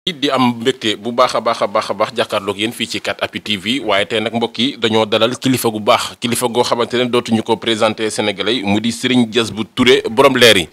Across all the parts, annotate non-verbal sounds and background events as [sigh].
it di am mbégte bu baax a baax a baax a baax jàkkaarloog yéen fii ci kat appuis TV waaye tey nag mbokk yi dañoo dalal kilifa gu baax kilifa goo xamante ne dootuñu ko présenté sénégalais mu di sëriñ Diass bu Touré borom leer yi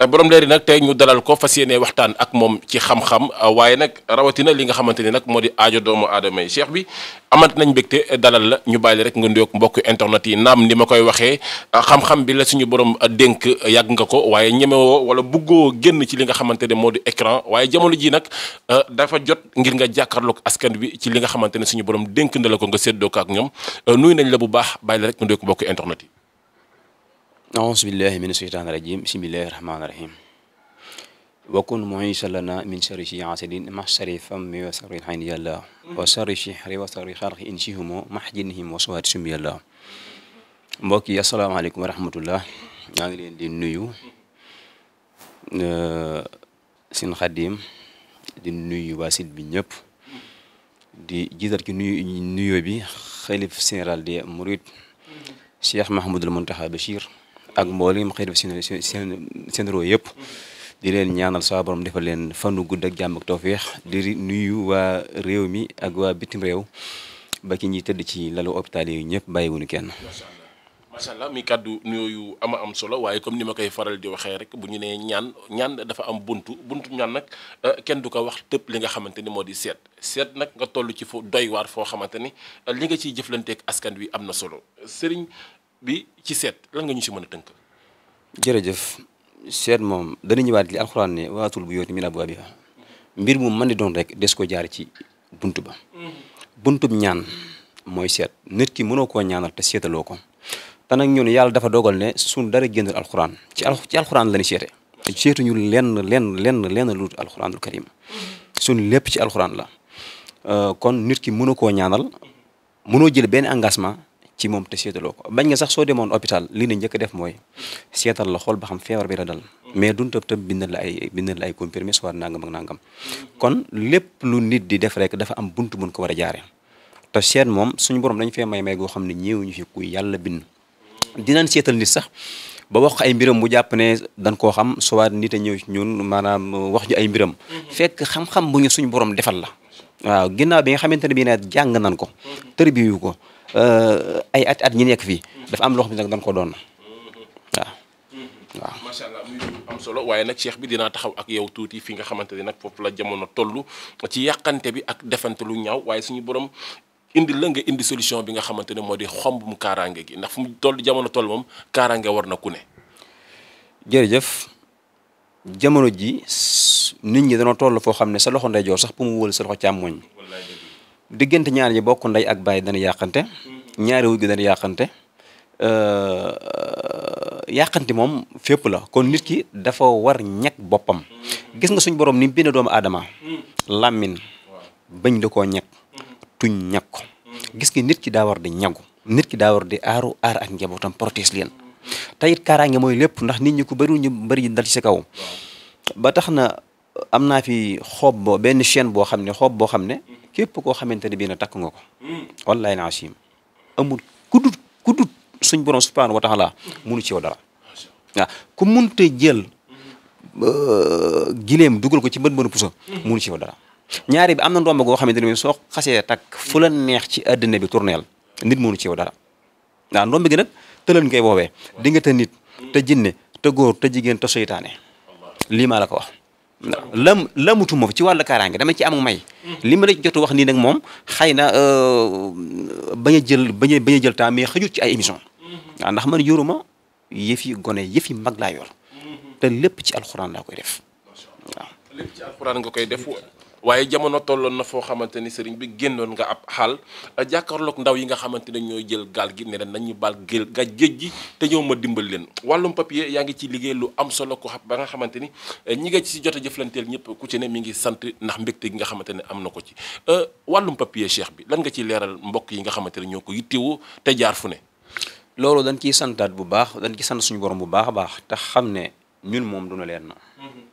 eh, borom leer yi nag tey ñu dalal ko fas yéene waxtaan ak moom ci xam-xam eh, waaye nag rawatina li nga xamante ne nag moo di aajo doomu aadama yi cheikh bi amat nañ mbégte eh, dalal la ñu bàyyi rek nga ndoog mbokk internet yi naam ni ma koy waxee xam-xam bi la suñu borom dénk yàgg nga ko waaye ñemewoo wala buggoo génn ci li nga xamante ne moo di écran waaye jamono ji nag Euh, dafa jot ngir nga jàkkaarloog askan bi ci li nga xamante ne suñu borom dénk na la ko nga séddoo ko ak ñoom euh, nañ la bu baax bàyyi la rek nga doy ko bokk internet yi. aouzu billahi min asheytaani rajim bismillahi rahmaani rahim si hasidin ma sharri yàlla wa sharri shihri wa sharri xalqi insihumo mahjinihim wa suwaati sum yi asalaamaaleykum wa maa ngi leen di nuyu euh, seen di nuyu waa site bi ñëpp di jiital ci nuyu nuyoo bi xalif général des Mourides Cheikh Mahmoudul Mountakha Bachir ak mboolem xalif généraux yëpp di leen ñaanal saa defal leen fanu gudd ak jàmm ak tawféex di nuyu waa réew mi ak waa bitim réew ba ki ñuy tëdd ci lalu hôpital yi ñëpp bàyyiwuñu kenn. macha allah mi kàddu nuyooyu ama am solo waaye comme ni ma koy faral di waxee rek bu ñu nee ñaan ñaan dafa am buntu buntu ñaan nag eh, kenn du ko wax tëpp li nga xamante ni moo di seet seet nag nga toll ci fu doy waar foo xamante ni eh, li nga ciy jëflanteek askan wi am na solo sëriñ bi ci seet lan nga ñu si mën a tënk. jërëjëf seet moom dana ñëwaat li alxuraan waatul bu yooti min abwaabiha mbir mu mën doon rek des ko jaar ci buntu ba. Mm-hmm. buntub ñaan mooy seet nit ki mënoo koo ñaanal te seetaloo ko. te nag ñun yàlla dafa dogal ne suñ dara génnal alxuraan ci al ci alxuraan la ñu seete seetu ñu lenn lenn lenn lenn lu alxuraanul karim suñ lépp ci alxuraan la euh, kon nit ki mënu koo ñaanal mënoo jël benn engagement ci moom te seetaloo ko bañ nga sax soo demoon hôpital li na njëkk def mooy seetal la xool ba xam feebar bi la mais duñ tëb tëb la ay bindal la ay comprimés soit nangam ak nangam kon lépp lu nit di def rek dafa am buntu buñ ko war a jaare te seet moom suñ borom dañ fee may may goo xam ne ñu fi ku yàlla bind dinañ seetal nit sax ba wax ay mbiram bu jàpp ne dañ koo xam soit nit a ñëw ci ñun maanaam wax ñu ay mbiram. Mhm. fekk xam-xam bu ñu suñu borom defal la. waaw ginnaaw bi nga xamante ne bii nag jàng nan ko. Mhm. tërbiyu euh, at at ñi nekk fii. dafa am loo nag dañ ko doon mhm. waaw. waaw waaye nag cheikh bi dinaa taxaw ak yow tuuti fi nga xamante ne nag foofu la jamono toll ci yàqante bi ak defante lu ñaaw waaye suñu borom indi la indi solution bi nga xamante ne moo di xombum kaaraange gi ndax fu mu toll jamono toll moom kaaraange war na ku ne. jërëjëf jamono ji nit ñi danoo toll foo xam ne sa loxo ndeyjoor sax pour mu wóolu sa loxo càmmoñ diggante ñaar ñi bokk ndey ak baay dana yàqante. ñaari wuj gi dana yàqante. Euh, yàqanti moom fépp la kon nit ki dafa war ñàkk boppam gis nga suñ borom ni bind doomu aadama mm. làmmin bañ da koo ñàkk tuñ ñag ko gis nga nit ki daa war di ñagu nit ki daa war di aaru aar ak njabootam protège leen te it kaaraange mooy lépp ndax nit ñu ko bëriwul ñu bëri dal ci sa kaw ba tax na uh, am naa fi xoob boo benn chaîne boo xam ne xoob boo xam ne képp koo xamante ne bii na takk nga ko wallaahi naasim amul kudut kudut suñ borom subhaanahu wa taala munu ci yow dara waaw ku uh, dugal ko ci mbën dara ñaari bi am na ndomb goo xamante ne soo xasee takk fu neex ci àddina bi tourneel nit mënu ci yow dara waaw ndomb gi nag tëlan ngay boobee di nga te nit te jinne te góor te jigéen te soytaane lii la ko wax lam lamutuma ci wàllu kaaraange dama li ma la jotu wax nii moom xëy na euh, bañ a jël a bañ a jël temps mais xajut ci ay émission waaw ndax man yoruma yëf yi gone yëf yi mag laa yor te lépp ci alxuraan laa koy def waaye jamono tolloon na foo xamante ni sëriñ bi génnoon nga ab xaal jàkkaarloog ndaw yi nga xamante ne ñooy jël gaal gi ne leen nañ ñu baal gél ga géej gi te ñëw ma dimbal leen wàllum papier yaa ngi ci liggéey lu am solo ko xam ba nga xamante ni eh, ñi nga ci jot a ñëpp ku ci ne ngi sant ndax mbégte gi nga xamante ne am na ko ci eh, wàllum papier cheikh bi lan nga ci leeral mbokk yi nga xamante ne ñoo ko yittewoo te jaar fu ne loolu dañ ciy santaat bu baax dañ ci sant suñu borom bu baax a baax tax xam ne ñun moom duna leen na mm-hmm.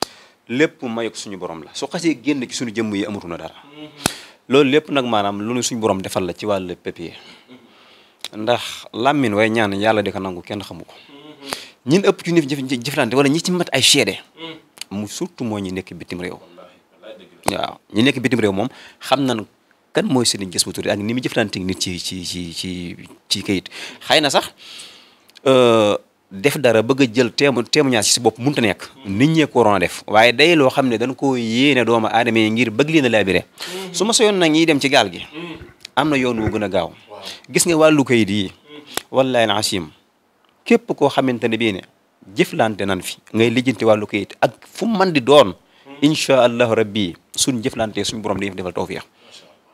lépp mayu ko suñu borom la su xasee génn suñu jëmm yi amatu na dara loolu lépp nag maanaam loolu nu suñu borom defal la ci wàllu papier ndax làmmiñ way ñaan yàlla di ko nangu kenn xamu ko ñin ëpp ci nit ñi jëflante wala ñi ci mat ay seede mu surtout moo ñi nekk bitim réew waaw ñi nekk bitim réew moom xam nañ kan mooy Serigne Diass Matouré ak ni mu jëflante nit ci ci ci ci ci kayit xay na sax. def dara bëgg a jël téemo témoignage ci si bopp mënut a nekk nit ñee ko waroon a def waaye day loo xam ne dañ ko yéene doomu aadama yi ngir bëgg leen a laabire mhm. su ma soyoon nag ñiy dem ci gaal gi mhm. am na yoon wu a gaaw gis nga wàllu kayit yi mhm. wallahi alacim képp koo xamante ne bii ne jëflante nan fi ngay lijjanti wàllu kayit ak fu man di doon incha allahu rabbi suñ jëflante suñu borom di defal tawfiix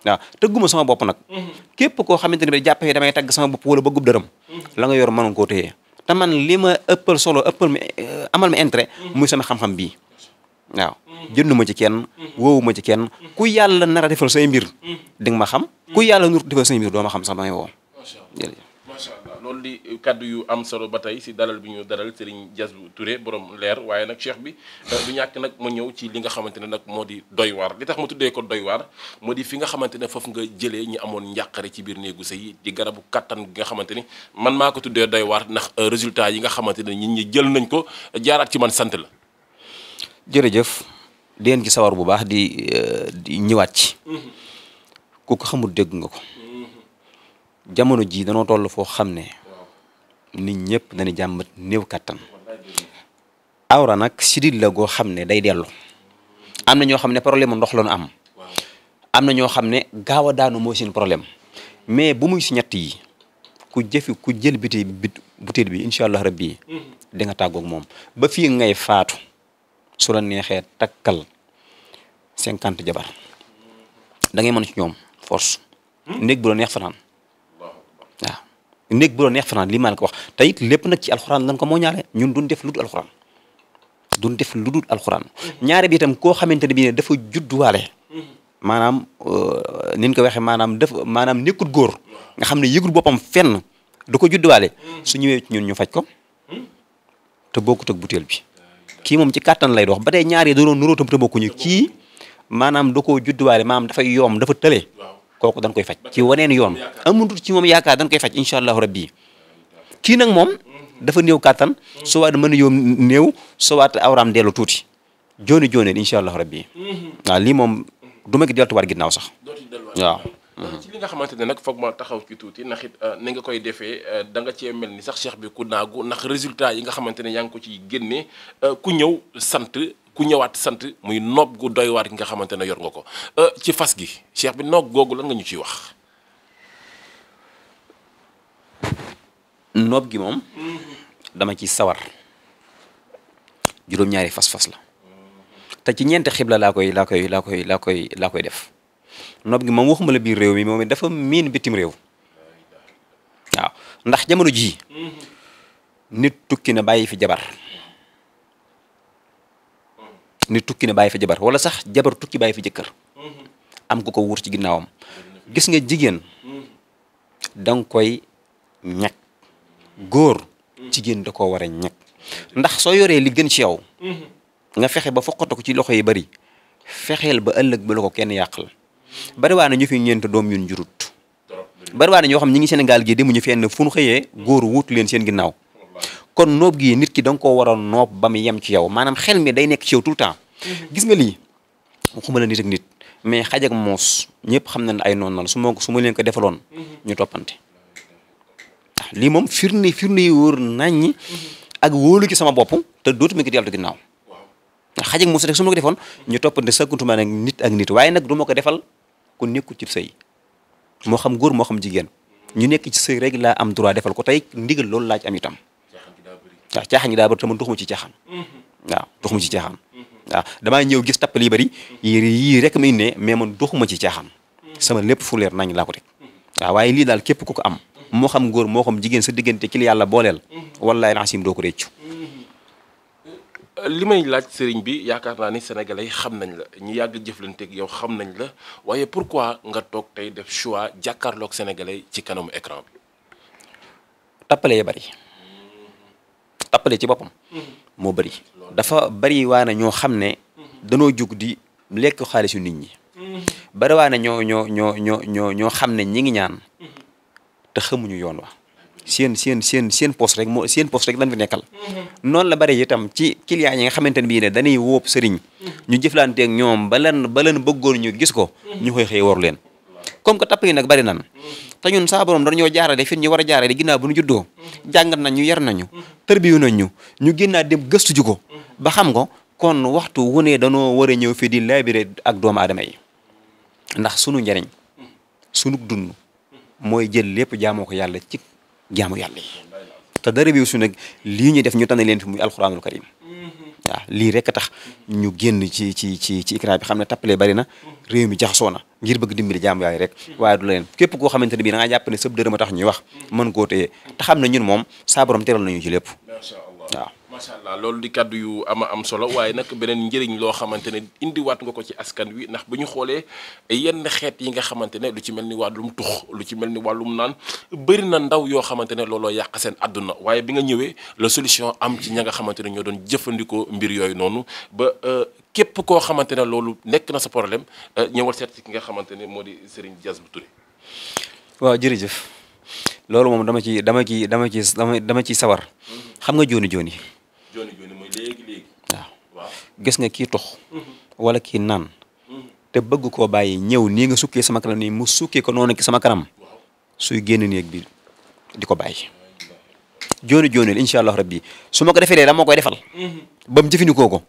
waaw tëgguma sama bopp nag képp koo xamante ne bi jàppee damay tagg te man li ma ëppal solo ëppal mi eh, amal ma intérêt muy sama xam-xam bii waaw jëndu ma ci kenn woowu ci kenn ku yàlla nar a defal say mbir di nga ma xam ku yàlla nur defal say mbir biir dooma xam sax ba may woo loolu di kàddu yu am solo ba tey si dalal bi ñu dalal Serigne Diass Touré borom leer waaye nag cheikh bi euh, du ñàkk nag ma ñëw ci li nga xamante ne nag moo di doy waar li tax ma tuddee ko doy waar moo di fi nga xamante ne foofu nga jëlee ñi amoon njàqare ci biir néegu sëy yi di garabu kattan bi nga xamante ni man maa ko tuddee doy waar ndax euh, résultat yi nga xamante ne ñit ñi jël nañ ko jaaraat ci man sant la jërëjëf deen ci sawar bu baax di euh, di ñëwaat ci mm-hmm. ku ko xamul dégg nga ko mm-hmm. jamono jii danoo toll foo xam ne nit ñëpp dañu jàmbat néew kattan awra nag sidit la goo xam ne day dellu am na ñoo xam ne problème ndox la am am na ñoo xam ne gaaw a daanu moo seen problème mais bu muy si ñett yi ku jëfi ku jël biti bi butéel bi incha allah rabbi mhm. di nga moom ba fii ngay faatu su la neexee takkal cinquante jabar da ngay ci ñoom force hmm? néeg bu la neex fanaan néeg bu doon neex fanaan lii maa la ko wax te it lépp nag ci alxuraan lan ko moo ñaale ñun duñ def lu dul alxuraan duñ def lu dul alxuraan mm-hmm. ñaare bi tam koo xamante ne bi ne dafa judduwaale mm-hmm. maanaam euh, ni ñu ko waxee maanaam def maanaam nekkut góor nga xam ne yëgul boppam fenn da ko judduwaale mm-hmm. su ñëwee ci ñun ñu faj ko hmm? te bokkut ak butéel bi kii moom ci kàttan lay dox ba tey ñaar yi da doon nuróo tam te bokkuñu kii maanaam da koo judduwaale maanaam dafay yoom dafa tële kooku dañ koy faj ci waneen yoon amutul ci moom yaakaar dañ koy faj incha allahu rabbi kii nag moom dafa néew kàttan suwaat mën a yoom néew suwaat awraam dellu tuuti jooni jooneen incha allahu rabbi waaw lii moom du ma gi deltuwaat ginnaaw sax waaw ci li nga xamante ne nag foog ma taxaw ci euh, koy euh, da nga cee mel ni sax cheikh bi ku naagu ndax résultat yi nga xamante ne yaa ko ci génne euh, ku ñëw sant ku ñëwaat sant muy nopp gu doy waar gi nga xamante ne yor nga ko euh, ci fas gi cheikh bi nopp googu lan nga ñu ciy wax. nopp gi moom. Mm-hmm. dama ciy sawar juróom-ñaari fas-fas la te ci ñeenti xibla laa koy laa koy laa koy laa koy laa koy def nopp gi moom waxuma la biir réew mi moom dafa miin bitim réew waaw ndax jamono jii mm-hmm. nit tukki na bàyyi fi jabar. ni tukki ne bàyyi fa jabar wala sax jabar tukki bàyyi fa jëkkër mm-hmm. am ko ko wuur ci ginnaawam gis nga jigéen mm-hmm. da nga koy ñag góor mm-hmm. jigéen da koo war a ñag ndax soo yoree li gën ci yow nga fexe ba foqatu ci loxo yi bari fexeel ba ëllëg ba la ko kenn yàqal bari waa na ñu fi ñeent doom yun jurut bari waa na ñoo xam ñi ngi Sénégal gii demuñu fenn fu nu xëyee góor wuutu leen seen ginnaaw kon noob gii nit ki da nga koo war a noob ba mu yem ci yow maanaam xel mi day nekk ci yow tout le mhm. gis nga lii waxuma la nit ak nit mais xaj moos ñëpp xam nañ ne ay noonu la su ma su ma leen ko defaloon. Mhm. ñu toppante. ah lii moom firnde firnde yi wóor naññi. Mhm. ak wóolu sama bopp te dootuma ko dellu ginnaaw. waaw xaj ak moos su ma defoon ñu toppante sëkkantuma nag nit ak nit waaye nag du ma ko defal ku nekku cib sëy moo xam góor moo xam jigéen ñu nekk ci sëy rek laa am droit defal ko tey ndigal loolu laaj ci am itam. waaw caaxaan yi daa bëri te man doxuma ci caaxaan mm-hmm. waaw doxuma ci caaxaan waaw damaa ñëw gis tappal yi bëri yii rek may ne mais man doxuma ci caaxaan mm-hmm. sama lépp fu leer nañ laa ko teg mm-hmm. lii daal képp ku ko am moo xam góor moo xam jigéen sa diggante ki la yàlla booleel wallaay naasim doo ko li may laaj sëriñ bi yaakaar naa ni sénégalais yi xam nañ la ñu yàgg jëflanteeg yow xam nañ la waaye pourquoi nga toog tey def choix jàkkaarloog sénégalais ci kanamu écran bi tappale yi tappale ci boppam moo bëri dafa bari waa na ñoo xam ne danoo jug di lekk xaalisu nit ñi bëri waa na ñoo ñoo ñoo ñoo ñoo ñoo xam ne ñi ngi ñaan te xamuñu yoon wa seen seen seen seen poste rek moo seen poste rek lan fi nekkal noonu la bëri itam ci client yi nga xamante ne bii ne dañuy wóob sëriñ ñu jëflante ak ñoom ba leen ba leen bëggoon ñu gis ko ñu koy xëy waru leen comme que tapp yi nag bari nan te ñun saa borom dañoo jaarale fi ñu war a jaarale ginnaaw bu ñu juddoo jàngat nañ ñu yar nañu tërbiyu nañ ñu ñu génnaa dem gëstu ji ko ba xam ko kon waxtu wu ne danoo war a ñëw fii di laabire ak doomu aadama yi ndax sunu njariñ sunu dund mooy jël lépp jaamoo ko yàlla ci jaamu yàlla yi te dara bi su nag lii ñuy def ñu tànn leen fi muy alxuraanul karim waaw lii rek a tax ñu génn ci ci ci ci ikra bi xam ne tappalee bari na réew mi jaxasoo na ngir bëgg dimbali jaam yaay rek waaye du la leen képp koo xamante ne bii da ngaa jàpp ne tax ñu wax man koo téye te xam ne ñun moom saa borom teral nañu ci lépp macha allah loolu di kàddu yu ama am solo waaye nag beneen njëriñ loo xamante ne indiwaat nga ko ci askan wi ndax bu ñu xoolee yenn xeet yi nga xamante ne lu ci mel ni wàllum tux lu ci mel ni wàllum naan bëri na ndaw yoo xamante ne looloo yàq seen àdduna waaye bi nga ñëwee la solution am ci ña nga xamante ne ñoo doon jëfandikoo mbir yooyu noonu ba euh, képp koo xamante ne loolu nekk na sa problème euh, ñëwal seet ki nga xamante ne moo di Serigne Diaz bu Touré. waaw jërëjëf loolu moom dama ci dama ci dama ci dama ci sawar mm-hmm. xam nga jooni jooni jooni jooni mooy gis nga kii tox wala kii naan. te bëgg ko bàyyi ñëw nii nga sukkee sama kanam nii mu sukkee ko noonu ki sama kanam. suy génn néeg bi di ko bàyyi. jooni jooni incha allah rabbi su ma ko defee dama koy defal. Mm-hmm. ba mu jëfandikoo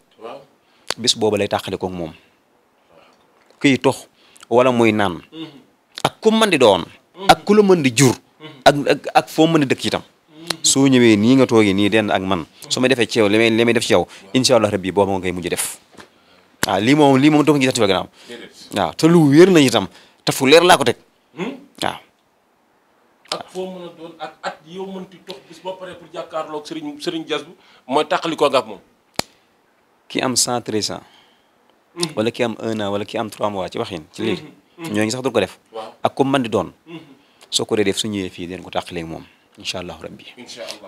bis boobu lay tàqalikoo ak moom. kiy tox wala muy naan. Mm-hmm. ak ku di doon. Mm-hmm. ak ku la mën di jur. ak ak foo mën di dëkk itam. soo ñëwee nii nga toogee nii den ak man su ma defee ci yow may li may def ci yow incha allah rabbi booba nga koy mujj def waaw lii moom lii moom doo ko waaw te lu wér la itam te fu laa ko teg hmm? waaw. ak foo mën ak at yow mënti toog bis boo paree pour jàkkaarloog ko nga ak moom. ki am cent treize ans. Hmm. wala ki am un wala ki am trois waa ci waxin ci léegi. ñoo ngi sax du ko def. ak comme man di doon. Hmm. soo ko dee def su ñëwee fii den ko tàqaleeg moom. incha allahu rabbi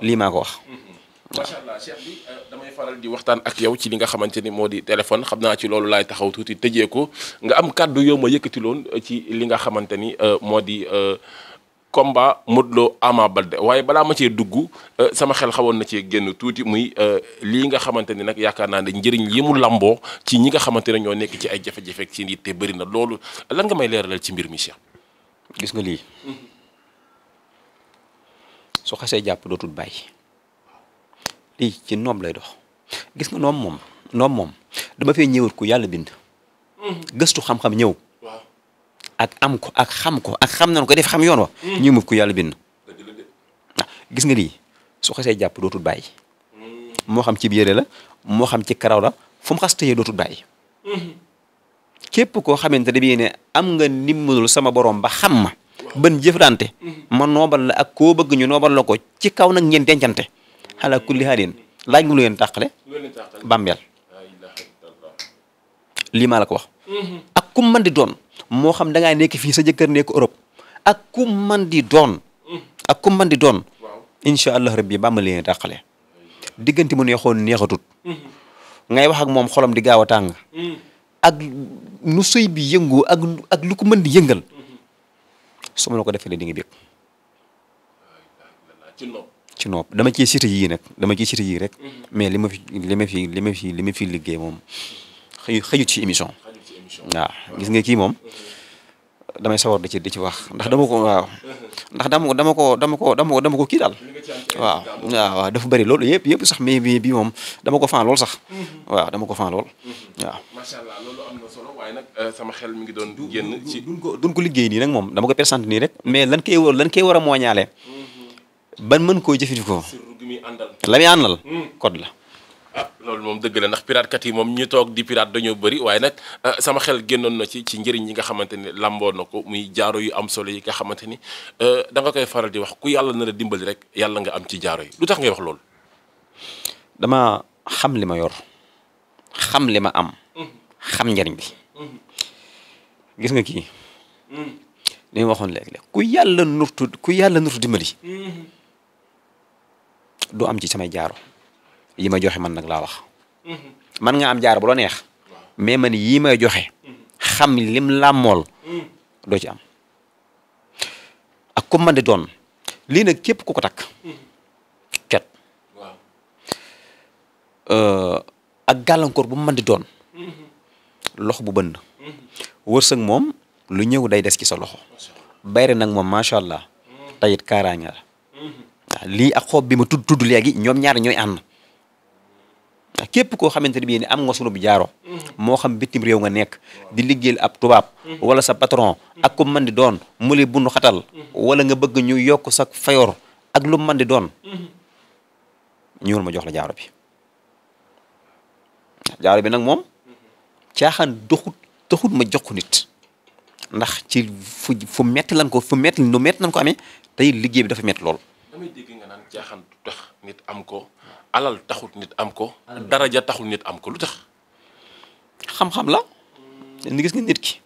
lii maa ko wax. Mm-hmm. macha allah cheikh bi euh, damay faral di waxtaan ak yow ci li nga xamante ni moo di téléphone xam naa ci loolu laay taxaw tuuti tëjee nga am kàddu yow ma yëkkatiloon euh, ci li nga xamante ni euh, moo di combat Modou Lo Ama waaye balaa ma cee dugg sama xel xawoon na cee génn tuuti muy lii nga xamante ni nag yaakaar naa ne njëriñ li mu lamboo ci ñi nga xamante ne ñoo nekk ci ay jafe-jafe ci nit te na loolu lan nga may leeralal ci mbir mi cheikh. gis nga lii. Mm-hmm. su xasee jàpp dootul bàyyi ci noom lay dox gis nga noom moom noom moom dama fee ñëwat ku yàlla bind. gëstu xam-xam ñëw. ak am ko ak xam ko ak xam nañ ko def xam yoon wa. Hmm. ñëw ku yàlla bind. Ah, gis nga lii su xasee jàpp dootul bàyyi. Hmm. moo xam ci yére la moo xam ci karaw la fu mu xas tëyee dootul bàyyi. Hmm. képp koo xamante ne bii ne am nga ndimbalul sama boroom ba xam ma. ban jëfrante ma noobal la ak koo bëgg ñu noobal la ko ci kaw nag ngeen dencante xala kulli haalin laaj nga lu leen tàqale bàmbeel lii maa la ko wax mhm. ak ku man di doon moo xam da ngaa nekk fii sa jëkkër nekk Europe ak ku man di doon mhm. ak ku man di doon incha allah rabbi bàmba leen tàqale diggante mu neexoon neexatut mhm. ngay wax ak moom xolam di gaaw a tàng ak nu sëy bi yëngoo ak ak lu ko su ma la ko defee di nga bég ci nopp dama ciy cité yii nag dama ci cité yii rek mhm. mais li ma fi li ma fi li ma fi li ma fi liggéey moom xëy xëyut ci émission waaw gis nga kii moom mhm. damay sawar da ci di ci wax ndax dama ko waaw ndax dama dama ko dama ko dama dama ko kii daal waaw waaw waaw dafa bëri loolu yëpp yëpp sax mais bi bi moom dama ko fan lool sax mhm. waaw dama ko fan lool mhm. waaw macha allah loolu am na solo waaye nag euh, ngi doon génn ci duñ ko duñ ko liggéey nii nag moom dama ko présente nii rek mais lan koy war lan koy war a mooñaale mhm. ban mën koo jëfandikoo la muy àndal code la ah [laughs] loolu moom dëgg la ndax pirate kat yi moom ñu toog di pirate dañoo bari waaye nag euh, sama xel génnoon na ci ci njëriñ yi nga xamante ni lamboo na ko muy jaaro yu am solo yi nga xamante ni euh, da koy faral di wax ku yàlla na la dimbali rek yàlla nga am ci jaaro yi lu tax ngay wax loolu. dama xam li ma yor xam li ma am. xam njëriñ bi. gis nga waxoon léegi ku yàlla nurtu ku yàlla nurtu dimbali. du am ci samay jaaro. yi ma joxe man nag laa wax. Mhm. man nga am jaar bu la neex. mais man yii may joxe. Mhm. xam lim làmmool mhm. doo ci am. ak ku man di lii nag képp ku ko takk. ket. Euh, ak gàllankoor bu mu mën di doon. loxo bu bënn. wërsëg moom lu ñëw day des ci sa loxo. bayre nag moom macha allah. tayit kaaraange la. lii ak xob bi ma tudd tudd léegi ñoom ñaar ñooy ànd. képp koo xamante ne bii am nga sunu bu jaaro moo xam bitim réew nga nekk di liggéeyal ab tubaab wala sa patron ak ku mën di doon mu lay bunu xatal wala nga bëgg ñu yokk sa fayoor ak lu mën di doon ñëwul ma jox la jaaro bi jaaro bi nag moom caaxaan doxut doxut ma jox ko nit ndax ci fu metti lan ko fu metti lu metti lan ko amee tey liggéey bi dafa metti lool ko alal taxul nit am ko. daraja taxul nit am ko lu tax. xam-xam la. ni gis nit ki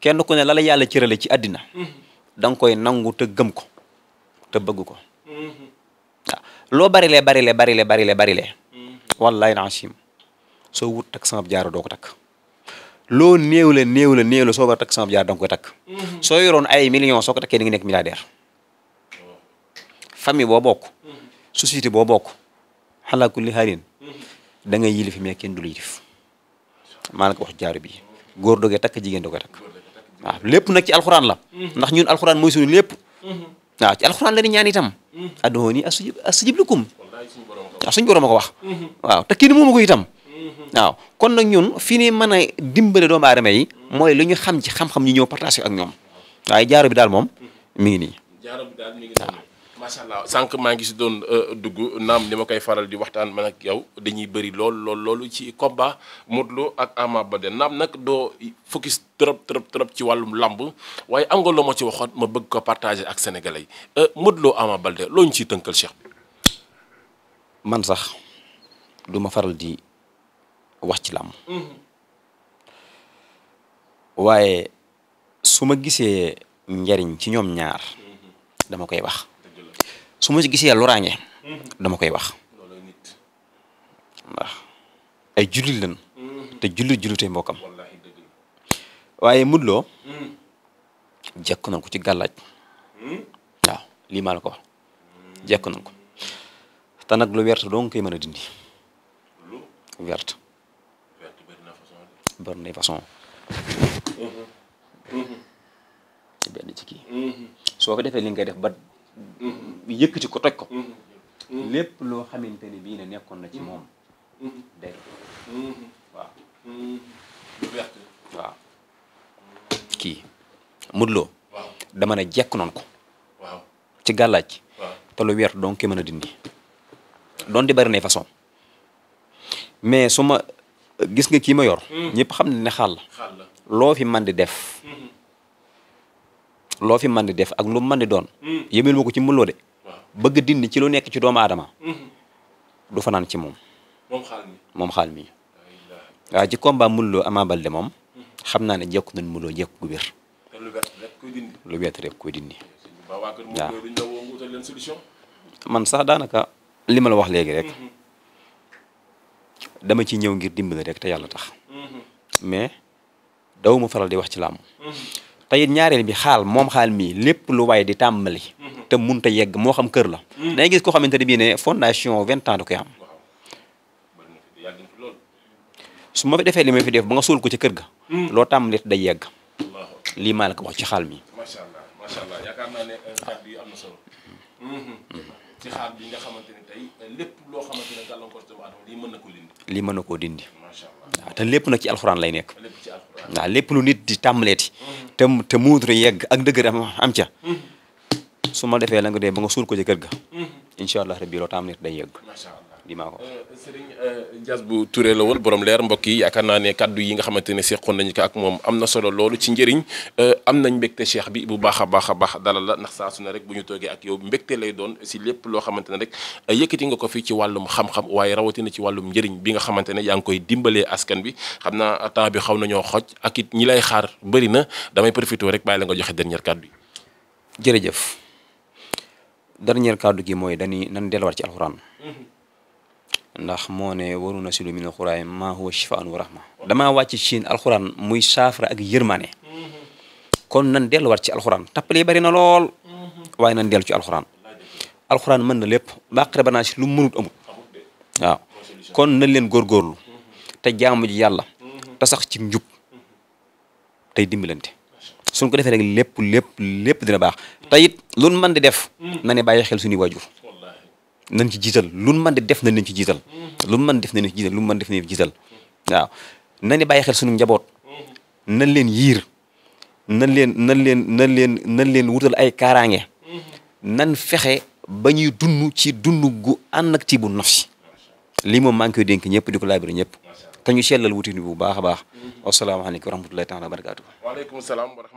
kenn ku ne la la yàlla cërale ci àddina. Mm-hmm. da koy nangu te gëm ko te bëgg ko. waaw mm-hmm. ah, loo barilee barilee bari barilee barilee. Mm-hmm. wallaay naasim soo wut takk sama jaar doo ko takk. loo néew la néew la néew la soo war a takk sama jaar da nga koy takk. soo yoroon ay millions soo ko takkee da nga nekk milliardaire. Oh. famille boo bokk. société boo bokk. xalaa kulli xaarin da ngay yilif mais kenn du la yilif maa ko wax jaaru bi góor doge takk jigéen doge takk waaw lépp nag la ndax ñun alxuraan mooy suñu lépp waaw ci la ni ñaan itam adduuni a astajib lakum waaw suñu a ko wax waaw te kenn moomu ko itam waaw kon nag ñun fi ni mën a dimbale doomu aadama yi mooy lu ñu xam ci xam-xam ñu ñëw partage ñoom waaye jaaru daal moom mi nii macha allah sànq maa ngi si doon euh, dugg naam li ma koy faral di waxtaan man ak yow dañuy bëri lool loolu ci combat Modou ak Ama Baldé naam nag doo focus trop trop trop ci wàllum làmb waaye am nga loo ma ci waxoon ma bëgg ko partager ak sénégalais yi euh, Modou Lo Ama Baldé ñu ciy tënkal Cheikh bi. man sax duma faral di wax ci làmb. Mhm. waaye su ma gisee njariñ ci ñoom ñaar mhm. dama koy wax. su ma ci gisee lu ràññee mm-hmm. dama koy wax ndax ay jullit lañ mm-hmm. te jullit jullitee mbokkam waaye Modou Lo mm. jekk nañ ko ci gàllaaj mm. waaw lii maa ko mm. jekk nañ ko te nag lu wert doo nga koy mën a dindi wert bari façon mm-hmm. soo ko defee li nga koy def ba yëkkati ko toj ko mm-hmm. Mm-hmm. lépp loo xamante ni bii ne nekkoon na ci moom mm-hmm. day waaw waaw kii Modou Lo dama jekk noon ko ci gàllaaj te lu weer donc mën a dindi doon di bari nay façon mais su gis nga kii ma yor ñëpp xam ne ne loo fi man di def loo fi mën def ak lu mën di doon hmm. yemel ma ko ci mënuloo de bëgg dindi ci lu nekk ci doomu aadama hmm. du fanaan ci moom moom xaal mi waaw ci combat mënuloo Ama Baldé moom hmm. xam naa ne jekku nañ mënuloo jekku gu wér lu bett rek koy dindi eh, waaw man sax daanaka li ma la wax léegi rek dama ci ñëw ngir dimbali rek te yàlla tax mais dawuma faral di wax ci làmb te ñaareel bi xaal moom xaal mii lépp lu waaye di tàmbali mhm. te munta yegg moo xam kër la mhm. dangay gis koo xamante ne bii ne fondation vingt ans da koy am su ma fi defee li ma fi def ba nga suul ko ci kër ga mhm. loo tàmbalit day yegg lii maa la ko wax ci xaal mi eh, bi nga xamante ne eh, lépp loo xamante na ko dindi lii mën na koo dindi te lépp na ci alxuraan lay nekk waaw lépp lu nit di tàmbaleeti te te muudre yegg ak dëgër am ca mm-hmm. su ma defee la nga dee ba nga suul ko ci ga mm-hmm. incha allah rabbi loo tàmbalee day yegg li maa ko euh, sëriñ euh, Dias bu Touré la woon borom leer mbokk yi yaakaar naa ne kàddu yi nga xamante ne seqoon nañu ko ak moom am na solo loolu ci njëriñ euh, am nañ mbégte cheikh bi bu baax a baax a baax dalal la ndax saasu ne rek bu ñu toogee ak yow mbégte lay doon si lépp loo xamante ne rek yëkkati nga ko fii ci wàllum xam-xam waaye rawatina ci wàllum njëriñ bi nga xamante ne yaa ngi koy dimbalee askan bi xam naa temps bi xaw nañoo xoj ak it ñi lay xaar bëri na damay profité rek bàyyi la nga joxe dernière kaddu jërëjëf dernière kaddu gi mooy dañuy nan delluwaat ci alxuraan mm-hmm. ndax moo ne na si lu alxuraan ma huwa shifaan wa rahma damaa wàcc siin alxuraan muy saafara ak yërmaane kon nan delluwaat ci alxuraan tappale yi bari na lool waaye nan dellu ci alxuraan alxuraan mën na lépp bàqare banaa si lu mënut amut waaw kon nañ leen góorgóorlu te jaamu ji yàlla te ci njub tey dimbalante suñ ko defee rek lépp lépp lépp dina baax te it lu mën def mm. na ne xel suñuy waajur nañ ci jiital lu mën di def nañ leen ci jiital lu mën def nañ leen ci jiital lu mën def nañ leen ci jiital waaw nañu bàyyi xel suñu njaboot nañ leen yiir nañ leen nañ leen nañ leen nañ leen wutal ay kaaraange nan fexe ba ñuy dund ci dund gu ànd ak ci bu nafsi lii moom maa ngi koy dénk ñëpp di ko laabiri ñëpp te ñu sellal wutin bu baax a baax wasalaamaaleykum wa rahmatulahi taala wa barakaatu. waaleykum salaam.